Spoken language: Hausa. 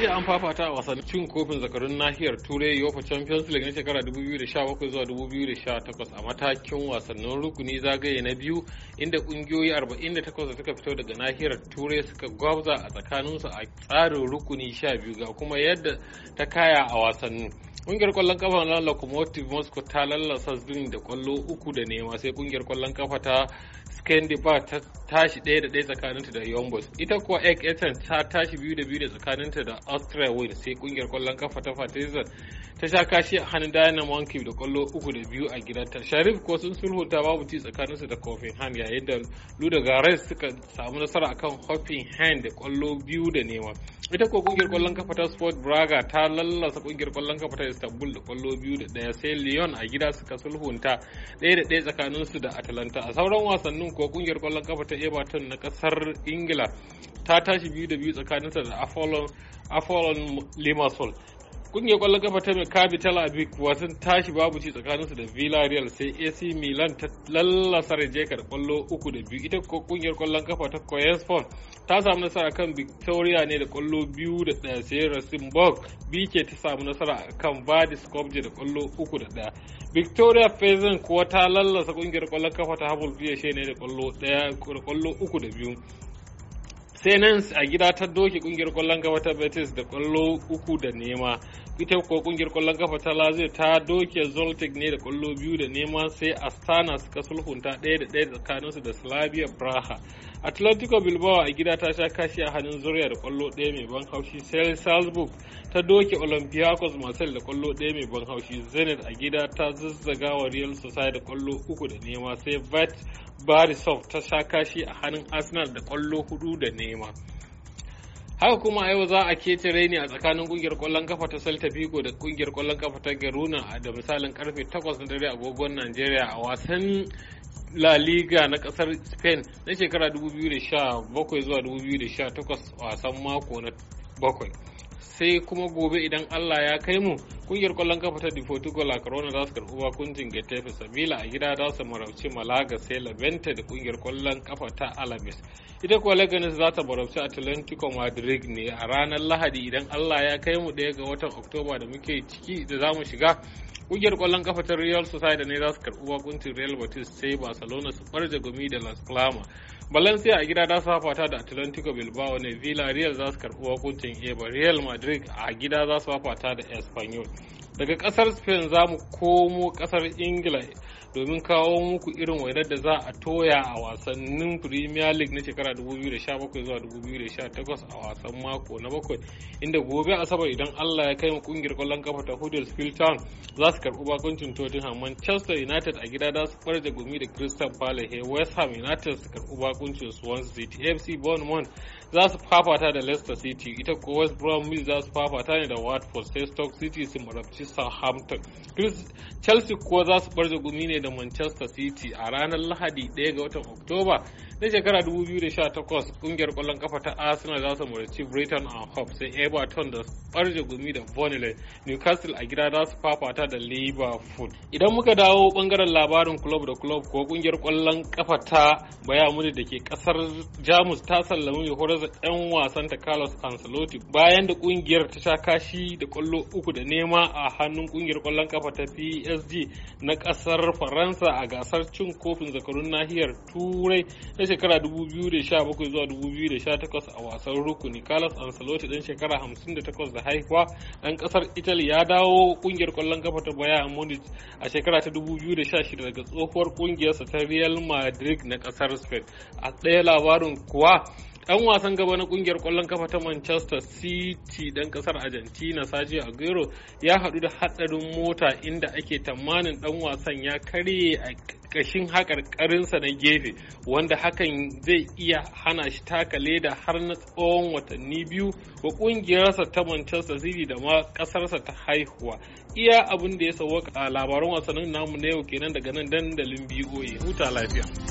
jiya an fafata a wasannin cin kofin zakarun nahiyar turai yofa champions league na shekara 2017 zuwa 2018 a matakin wasannin rukuni zagaye na biyu inda kungiyoyi 48 da suka fito daga nahiyar turai suka gwabza a tsakaninsu a tsarin rukuni 12 ga kuma yadda ta kaya a wasannin kungiyar kwallon kafa na locomotive moscow ta lallasa zin da kwallo uku da nema sai kungiyar kwallon kafa ta skandiba ta tashi ɗaya da ɗaya tsakaninta da Yombos. Ita kuwa Egg Essen ta tashi biyu da biyu da tsakaninta da Austria Win sai ƙungiyar kwallon kafa ta Partizan ta sha kashi a hannun Diana wanki da kwallo uku da biyu a gidanta. Sharif ko sun sulhuta babu ci tsakaninsu da kofin hand yayin da Luda Gares suka samu nasara akan hand da kwallo biyu da nema. Ita ko kungiyar kwallon kafa ta Sport Braga ta lallasa kungiyar kwallon kafa ta Istanbul da kwallo biyu da daya sai Lyon a gida suka sulhunta daya da ɗaya tsakaninsu da Atalanta. A sauran wasannin ko kungiyar kwallon kafa ta Everton na kasar Ingila ta tashi biyu da biyu tsakaninsa da Apollon Limassol kungiyar kwallon kafa ta capital Tel big wasan tashi babu ci tsakanin su da Villarreal sai AC Milan ta lallasa Rijekar kwallo uku da biyu ita ko kungiyar kwallon kafa ta Coensport ta samu nasara kan Victoria ne da kwallo biyu da daya sai Rosenborg BK ta samu nasara kan vadis Skopje da kwallo uku da daya Victoria fezin kuwa ta lallasa kungiyar kwallon kafa ta Habul Fiye ne da kwallo uku da biyu sai nan a gida ta doke kungiyar kwallon gaba ta betis da kwallo uku da nema ita ko kungiyar kwallon kafa ta lazio ta doke zoltic ne da kwallo biyu da nema sai astana suka sulhunta ɗaya da ɗaya tsakanin su da slavia braha atlantico bilbao a gida ta sha kashi a hannun zuriya da kwallo ɗaya mai ban haushi sai salzburg ta doke olympiacos marcel da kwallo ɗaya mai ban haushi zenit a gida ta zazzaga wa real society da kwallo uku da nema sai vat barisov ta sha kashi a hannun arsenal da kwallo hudu da nema haka kuma yau za a ketare ne a tsakanin kungiyar kwallon kafa ta Celta Vigo da kungiyar kwallon kafa ta garuna da misalin karfe 8 na dare agogon Najeriya a wasan La Liga na kasar Spain na shekara 2017 zuwa 2018 wasan mako na bakwai sai kuma gobe idan Allah ya kai mu kungiyar kwallon kafa ta portugal La Corona za su karbi bakuncin Getafe Sabila a gida za su marauci Malaga sai Levante da kungiyar kwallon kafa ta Alaves. Ita kuwa Leganes za ta marauci Atlantico Madrid ne a ranar Lahadi idan Allah ya kai mu ɗaya ga watan Oktoba da muke ciki da za mu shiga. Kungiyar kwallon kafa ta Real society ne za su karbi kuncin Real Betis sai Barcelona su barje gumi da Las Palmas. Valencia a gida za su hafata da Atlantico Bilbao ne real za su karbi hukuncin eba Real Madrid a gida za su hafata da Espanyol. daga kasar spain za mu komo kasar ingila domin kawo muku irin wainar da za a toya a wasannin premier league na shekara 2017 zuwa 2018 a wasan mako na bakwai inda gobe asabar idan allah ya kai kungiyar kwallon kafa ta huddersfield town za su karbi bakuncin tottenham manchester united a gida za su farja gumi da crystal palace west ham united su karbi bakuncin swansea city fc bournemouth za su fafata da leicester city ita ko west bromwich za su fafata ne da watford sai stoke city su marabci southampton chelsea kuwa za su farja gumi ne da Manchester City a ranar Lahadi 1 ga watan Oktoba na shekara 2018 kungiyar kwallon kafa ta Arsenal za su murci Brighton and Hove sai Everton da barje gumi da Burnley Newcastle a gida za su fafata da Liverpool idan muka dawo bangaren labarin club da club ko kungiyar kwallon kafa ta Bayern da ke kasar Jamus ta sallami mai horar da yan wasan ta Carlos Ancelotti bayan da kungiyar ta sha kashi da kwallo uku da nema a hannun kungiyar kwallon kafa ta PSG na kasar faransa a gasar cin kofin zakarun nahiyar turai na shekara 2017 zuwa 2018 a wasan rukuni carlos ancelotti dan shekara 58 da haihuwa dan kasar italy ya dawo kungiyar kwallon kafa ta bayan munich a shekara ta 2016 daga tsohuwar kungiyarsa ta real madrid na kasar spain a ɗaya labarin kuwa Dan wasan gaba na kungiyar kwallon kafa ta Manchester City dan kasar Argentina Sergio Aguero ya haɗu da haɗarin mota inda ake tamanin dan wasan ya karye a kashin haƙarƙarinsa na gefe wanda hakan zai iya hana shi taka leda har na tsawon watanni biyu wa ƙungiyarsa ta manchester city da ma ƙasarsa ta haihuwa iya abin da ya sauwaka a labaran wasannin namu na yau kenan daga nan dandalin boa huta lafiya